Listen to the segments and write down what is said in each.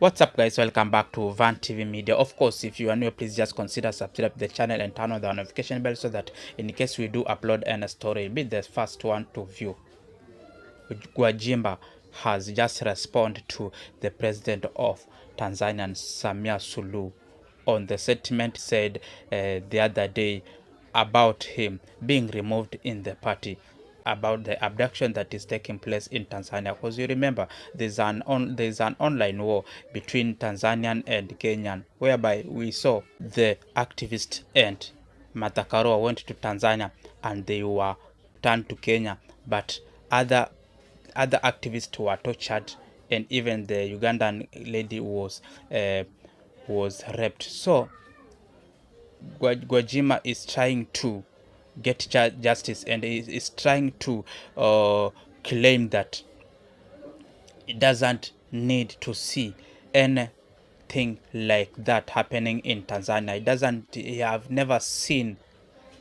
what's up guys welcome back to van tv media of course if you are new please just consider subscribe to the channel and turn on the notification bell so that in case we do upload any story be the first one to view gwajimba has just responded to the president of tanzania samia sulu on the statement said uh, the other day about him being removed in the party about the abduction that is taking place in Tanzania. Because you remember, there's an, on, there's an online war between Tanzanian and Kenyan, whereby we saw the activist and Matakarua went to Tanzania and they were turned to Kenya, but other other activists were tortured and even the Ugandan lady was uh, was raped. So Gwajima is trying to get justice and is, is trying to uh, claim that it doesn't need to see anything like that happening in Tanzania. It doesn't, have never seen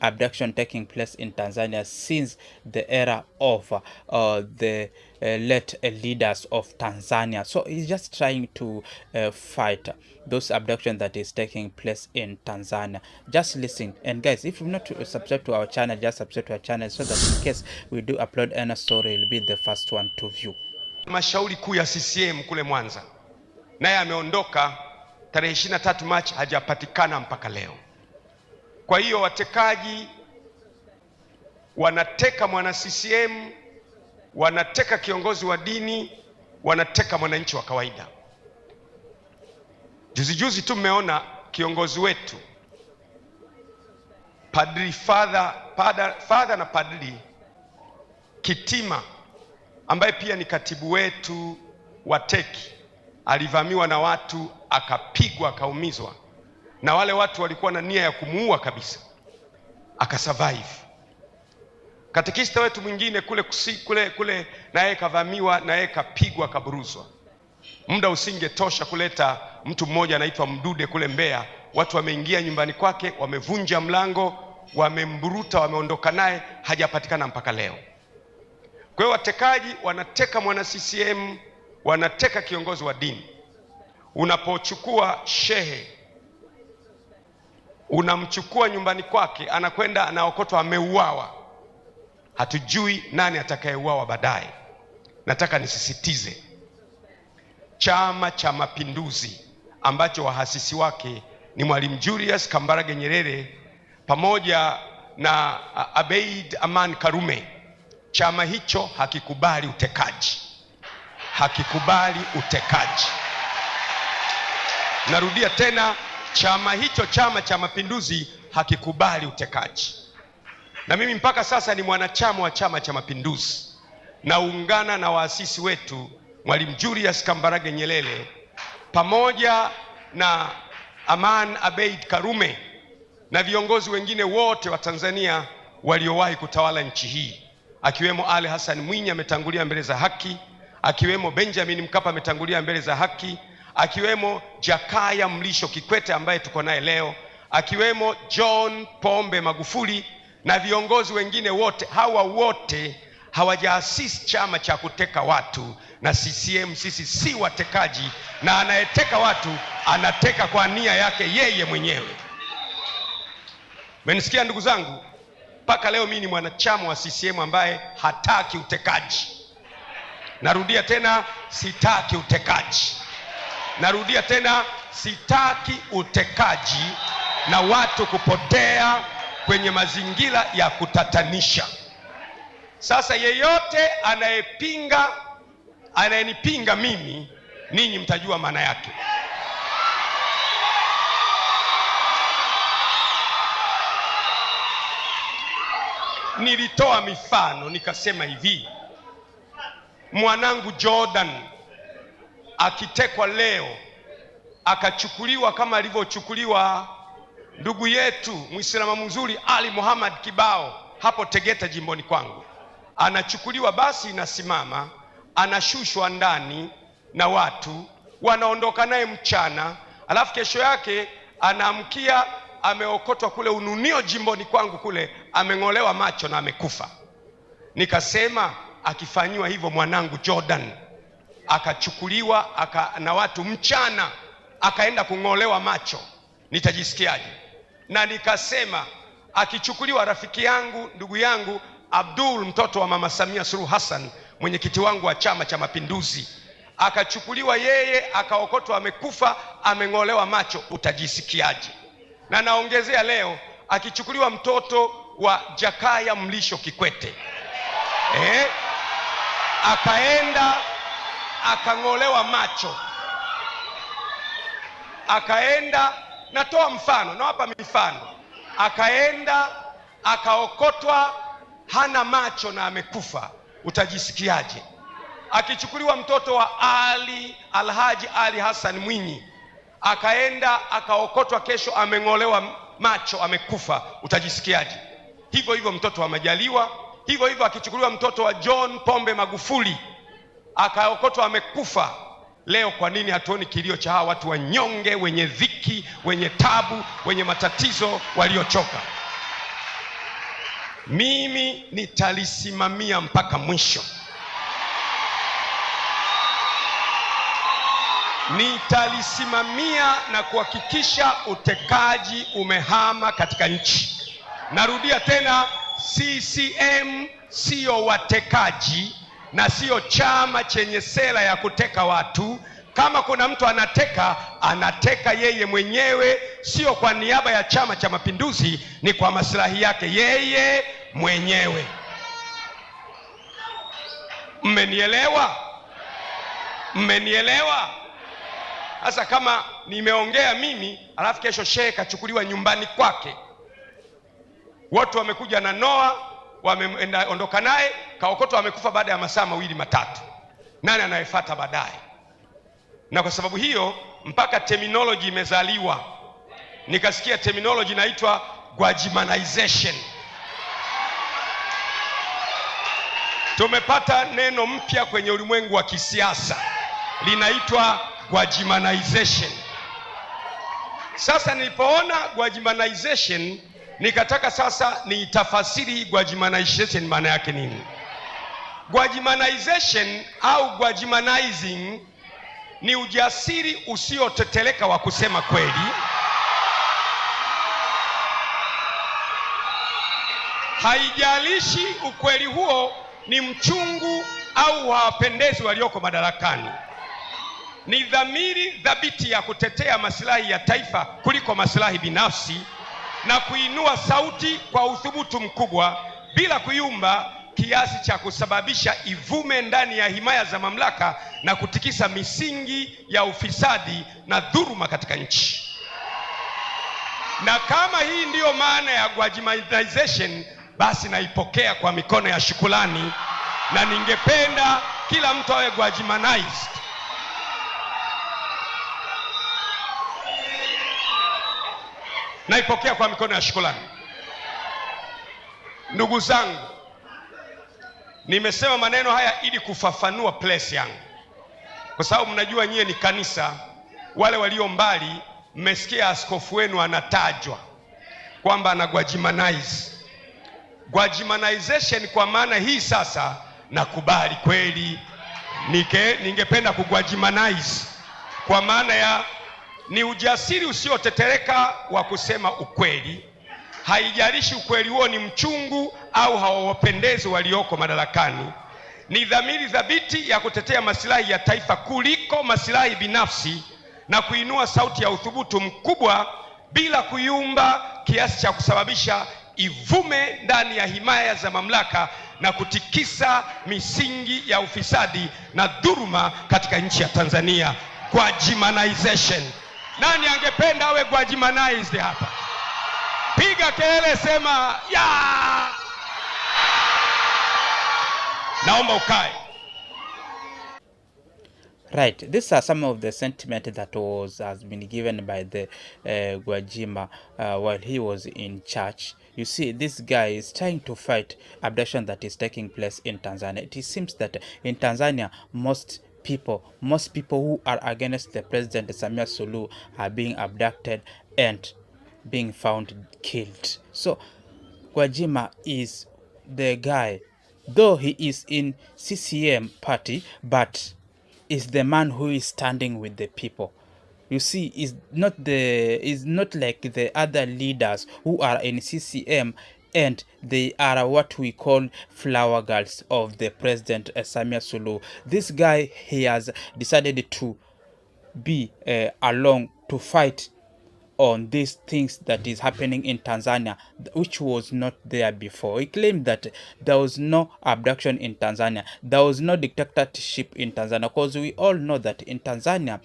abduction taking place in Tanzania since the era of uh, the uh, leaders of Tanzania. So he's just trying to uh, fight those abduction that is taking place in Tanzania. Just listen. And guys, if you're not subscribed to our channel, just subscribe to our channel so that in case we do upload any story, you'll be the first one to view. Mashauri kuu ya CCM kule Mwanza, naye ameondoka tarehe 23 Machi, hajapatikana mpaka leo. Kwa hiyo watekaji wanateka mwana CCM wanateka kiongozi wa dini, wanateka mwananchi wa kawaida. Juzi juzi tu mmeona kiongozi wetu padri father, padre, father na padri Kitima ambaye pia ni katibu wetu wa teki alivamiwa na watu akapigwa akaumizwa, na wale watu walikuwa na nia ya kumuua kabisa, akasurvive. Katekista wetu mwingine kule kusi, kule kule naye kavamiwa yeye kapigwa kaburuzwa. Muda usingetosha kuleta mtu mmoja anaitwa Mdude kule Mbeya, watu wameingia nyumbani kwake, wamevunja mlango, wamemburuta, wameondoka naye, hajapatikana mpaka leo. Kwa hiyo watekaji wanateka mwana CCM, wanateka kiongozi wa dini. Unapochukua shehe unamchukua nyumbani kwake, anakwenda anaokotwa, ameuawa Hatujui nani atakayeuawa baadaye. Nataka nisisitize, Chama cha Mapinduzi ambacho wahasisi wake ni Mwalimu Julius Kambarage Nyerere pamoja na Abeid Aman Karume, chama hicho hakikubali utekaji, hakikubali utekaji. Narudia tena, chama hicho, Chama cha Mapinduzi, hakikubali utekaji na mimi mpaka sasa ni mwanachama wa Chama cha Mapinduzi, naungana na waasisi wetu Mwalimu Julius Kambarage Nyerere pamoja na Aman Abeid Karume na viongozi wengine wote wa Tanzania waliowahi kutawala nchi hii akiwemo Ali Hassan Mwinyi ametangulia mbele za haki, akiwemo Benjamin Mkapa ametangulia mbele za haki, akiwemo Jakaya Mlisho Kikwete ambaye tuko naye leo, akiwemo John Pombe Magufuli na viongozi wengine wote, hawa wote hawajaasisi chama cha kuteka watu. Na CCM sisi si watekaji, na anayeteka watu anateka kwa nia yake yeye mwenyewe. Menisikia ndugu zangu? Mpaka leo mimi ni mwanachama wa CCM ambaye hataki utekaji. Narudia tena, sitaki utekaji. Narudia tena, sitaki utekaji na watu kupotea kwenye mazingira ya kutatanisha. Sasa yeyote anayepinga, anayenipinga mimi, ninyi mtajua maana yake. Nilitoa mifano nikasema hivi, mwanangu Jordan akitekwa leo akachukuliwa kama alivyochukuliwa ndugu yetu Muislamu mzuri Ali Muhammad Kibao hapo Tegeta jimboni kwangu, anachukuliwa basi inasimama, anashushwa ndani na watu wanaondoka naye mchana, alafu kesho yake anaamkia ameokotwa kule Ununio jimboni kwangu kule, ameng'olewa macho na amekufa. Nikasema akifanyiwa hivyo mwanangu Jordan akachukuliwa aka, na watu mchana akaenda kung'olewa macho nitajisikiaje? na nikasema akichukuliwa rafiki yangu ndugu yangu Abdul mtoto wa mama Samia Suluhu Hassan mwenyekiti wangu wa Chama cha Mapinduzi akachukuliwa yeye akaokotwa, amekufa ameng'olewa macho, utajisikiaje? Na naongezea leo, akichukuliwa mtoto wa Jakaya Mlisho Kikwete eh, akaenda akang'olewa macho, akaenda natoa mfano, nawapa mifano. Akaenda akaokotwa, hana macho na amekufa, utajisikiaje? Akichukuliwa mtoto wa Ali Alhaji Ali Hassan Mwinyi, akaenda akaokotwa, kesho ameng'olewa macho, amekufa, utajisikiaje? Hivyo hivyo mtoto wa Majaliwa, hivyo hivyo akichukuliwa mtoto wa John Pombe Magufuli, akaokotwa, amekufa Leo kwa nini hatuoni kilio cha hawa watu wanyonge, wenye dhiki, wenye tabu, wenye matatizo, waliochoka? Mimi nitalisimamia mpaka mwisho, nitalisimamia na kuhakikisha utekaji umehama katika nchi. Narudia tena, CCM sio watekaji na siyo chama chenye sera ya kuteka watu. Kama kuna mtu anateka, anateka yeye mwenyewe, sio kwa niaba ya Chama cha Mapinduzi, ni kwa maslahi yake yeye mwenyewe. Mmenielewa? Mmenielewa? Sasa kama nimeongea mimi alafu kesho shehe kachukuliwa nyumbani kwake, watu wamekuja na noa, wameondoka naye Kaokoto amekufa baada ya masaa mawili matatu. Nani anayefuata baadaye? Na kwa sababu hiyo mpaka terminology imezaliwa, nikasikia terminology inaitwa Gwajimanization. Tumepata neno mpya kwenye ulimwengu wa kisiasa linaitwa Gwajimanization. Sasa nilipoona Gwajimanization nikataka sasa niitafasiri Gwajimanization maana yake nini? Gwajimanization au gwajimanizing ni ujasiri usioteteleka wa kusema kweli haijalishi ukweli huo ni mchungu au hawapendezi walioko madarakani. Ni dhamiri dhabiti ya kutetea masilahi ya taifa kuliko masilahi binafsi na kuinua sauti kwa uthubutu mkubwa bila kuyumba kiasi cha kusababisha ivume ndani ya himaya za mamlaka na kutikisa misingi ya ufisadi na dhuruma katika nchi. Na kama hii ndiyo maana ya Gwajimanization, basi naipokea kwa mikono ya shukulani na ningependa kila mtu awe Gwajimanized. Naipokea kwa mikono ya shukulani ndugu zangu. Nimesema maneno haya ili kufafanua place yangu, kwa sababu mnajua nyie ni kanisa. Wale walio mbali, mmesikia askofu wenu anatajwa kwamba anagwajimanize Gwajimanization kwa maana hii sasa, nakubali kweli, ningependa kugwajimanize kwa maana ya ni ujasiri usiotetereka wa kusema ukweli haijalishi ukweli huo ni mchungu au hawawapendezi walioko madarakani, ni dhamiri thabiti ya kutetea masilahi ya taifa kuliko masilahi binafsi na kuinua sauti ya uthubutu mkubwa bila kuyumba kiasi cha kusababisha ivume ndani ya himaya za mamlaka na kutikisa misingi ya ufisadi na dhuruma katika nchi ya Tanzania. kwa Nani angependa awe gwajimanized hapa? piga kelele, sema ya. Naomba ukae. Right, these are some of the sentiment that was has been given by the uh, Gwajima uh, while he was in church. You see, this guy is trying to fight abduction that is taking place in Tanzania. It seems that in Tanzania, most people, most people who are against the president Samia Sulu are being abducted and being found killed. So Guajima is the guy, though he is in CCM party, but is the man who is standing with the people. You see, is not the is not like the other leaders who are in CCM and they are what we call flower girls of the president Samuel uh, Samia Sulu. This guy he has decided to be uh, along to fight on these things that is happening in Tanzania, which was not there before. He claimed that there was no abduction in Tanzania, there was no dictatorship in Tanzania, because we all know that in Tanzania,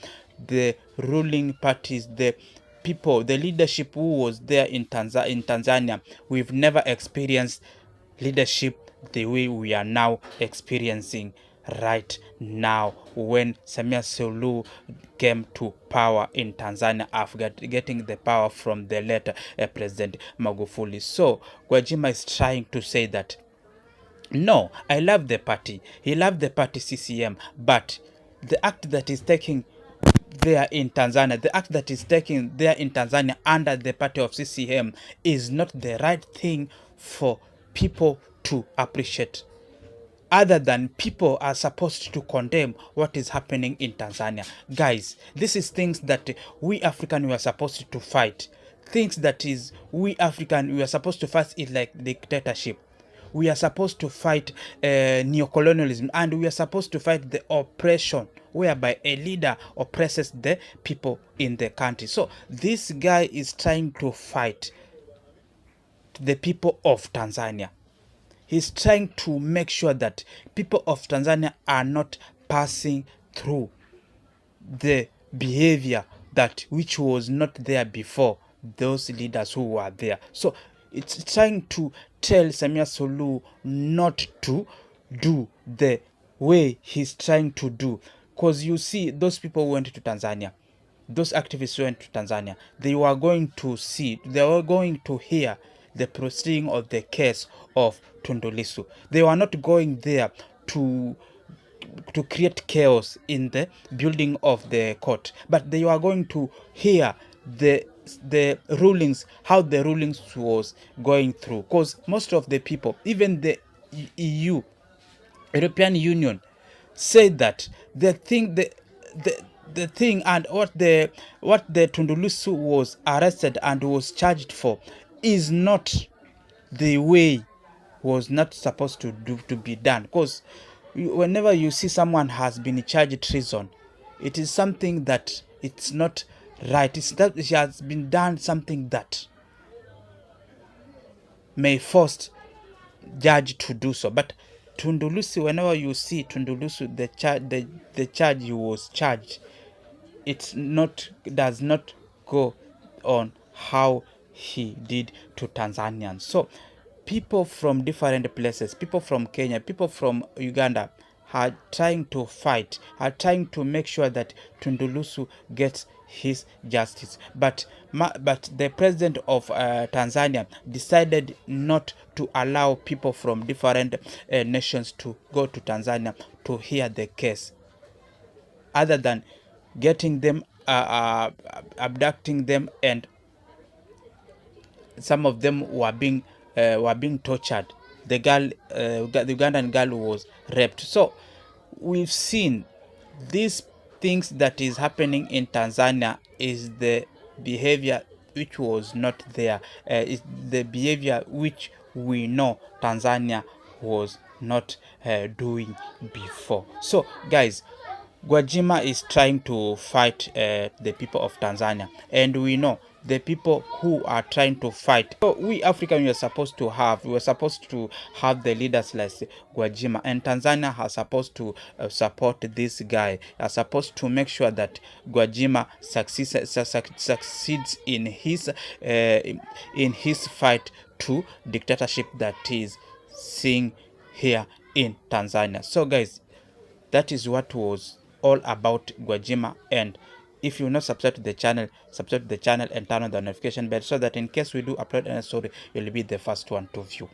the ruling parties, the people, the leadership who was there in, Tanza in Tanzania, we've never experienced leadership the way we are now experiencing right now when Samia Suluhu came to power in Tanzania after getting the power from the late uh, President Magufuli. So Gwajima is trying to say that no, I love the party. He loved the party CCM, but the act that is taking there in Tanzania, the act that is taking there in Tanzania under the party of CCM is not the right thing for people to appreciate. other than people are supposed to condemn what is happening in Tanzania. Guys, this is things that we African we are supposed to fight. Things that is we African we are supposed to fight is like dictatorship. We are supposed to fight uh, neocolonialism and we are supposed to fight the oppression whereby a leader oppresses the people in the country. So this guy is trying to fight the people of Tanzania. he's trying to make sure that people of Tanzania are not passing through the behavior that which was not there before those leaders who were there. So it's trying to tell Samia solu not to do the way he's trying to do. Because you see, those people went to Tanzania. Those activists went to Tanzania. They were going to see, they were going to hear the proceeding of the case of Tundulisu. They were not going there to to create chaos in the building of the court, but they were going to hear the the rulings how the rulings was going through because most of the people even the eu european union said that the thing the the the thing and what the what the Tundulisu was arrested and was charged for is not the way was not supposed to do to be done because whenever you see someone has been charged treason it is something that it's not right it's that she has been done something that may force judge to do so but Tundulusi, whenever you see Tundulusi, the charge, the, the charge he was charged, it's not does not go on how he did to Tanzanians. So people from different places, people from Kenya, people from Uganda are trying to fight, are trying to make sure that Tundulusu gets his justice. But but the president of uh, Tanzania decided not to allow people from different uh, nations to go to Tanzania to hear the case, other than getting them uh, uh abducting them and some of them were being uh, were being tortured. The girl, uh, the Ugandan girl, was raped. So we've seen these things that is happening in Tanzania is the behavior which was not there. Uh, is the behavior which we know Tanzania was not uh, doing before. So guys, Gwajima is trying to fight uh, the people of Tanzania, and we know the people who are trying to fight. So we African, we are supposed to have, we are supposed to have the leaders like Gwajima, and Tanzania are supposed to uh, support this guy, are supposed to make sure that Gwajima succeeds, su su succeeds in his uh, in his fight to dictatorship that is seeing here in Tanzania. So guys, that is what was all about Gwajima and if you're not subscribed to the channel subscribe to the channel and turn on the notification bell so that in case we do upload an story you'll be the first one to view